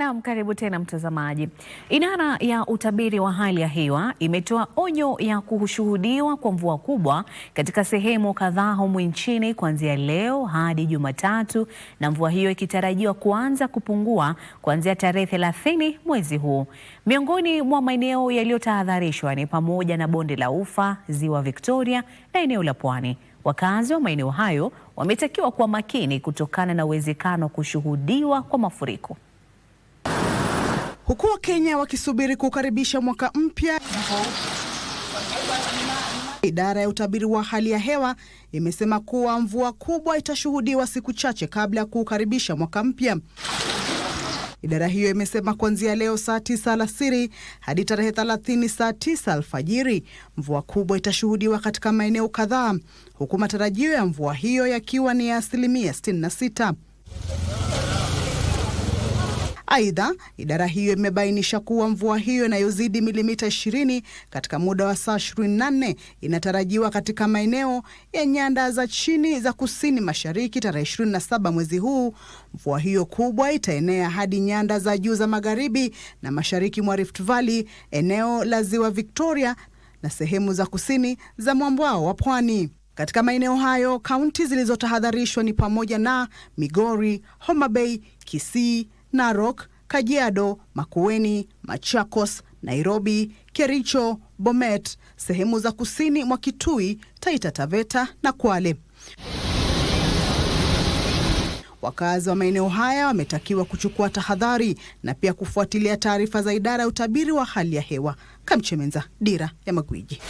Naam, karibu tena mtazamaji. Idara ya utabiri wa hali ya hewa imetoa onyo ya kushuhudiwa kwa mvua kubwa katika sehemu kadhaa humu nchini kuanzia leo hadi Jumatatu, na mvua hiyo ikitarajiwa kuanza kupungua kuanzia tarehe 30 mwezi huu. Miongoni mwa maeneo yaliyotahadharishwa ni pamoja na bonde la Ufa, ziwa Victoria na eneo la Pwani. Wakazi wa maeneo hayo wametakiwa kuwa makini kutokana na uwezekano wa kushuhudiwa kwa mafuriko huku Wakenya wakisubiri kukaribisha mwaka mpya. Idara ya utabiri wa hali ya hewa imesema kuwa mvua kubwa itashuhudiwa siku chache kabla ya kuukaribisha mwaka mpya. Idara hiyo imesema kuanzia leo saa tisa alasiri hadi tarehe 30 saa tisa alfajiri mvua kubwa itashuhudiwa katika maeneo kadhaa, huku matarajio ya mvua hiyo yakiwa ni ya asilimia 66. Aidha, idara hiyo imebainisha kuwa mvua hiyo inayozidi milimita 20 katika muda wa saa 24 inatarajiwa katika maeneo ya nyanda za chini za kusini mashariki tarehe 27 mwezi huu. Mvua hiyo kubwa itaenea hadi nyanda za juu za magharibi na mashariki mwa Rift Valley, eneo la ziwa Victoria na sehemu za kusini za mwambao wa pwani. Katika maeneo hayo, kaunti zilizotahadharishwa ni pamoja na Migori, Homa Bay, Kisii, Narok, Kajiado, Makueni, Machakos, Nairobi, Kericho, Bomet, sehemu za kusini mwa Kitui, Taita Taveta na Kwale. Wakazi wa maeneo haya wametakiwa kuchukua tahadhari na pia kufuatilia taarifa za idara ya utabiri wa hali ya hewa. Kamchemenza, Dira ya Magwiji.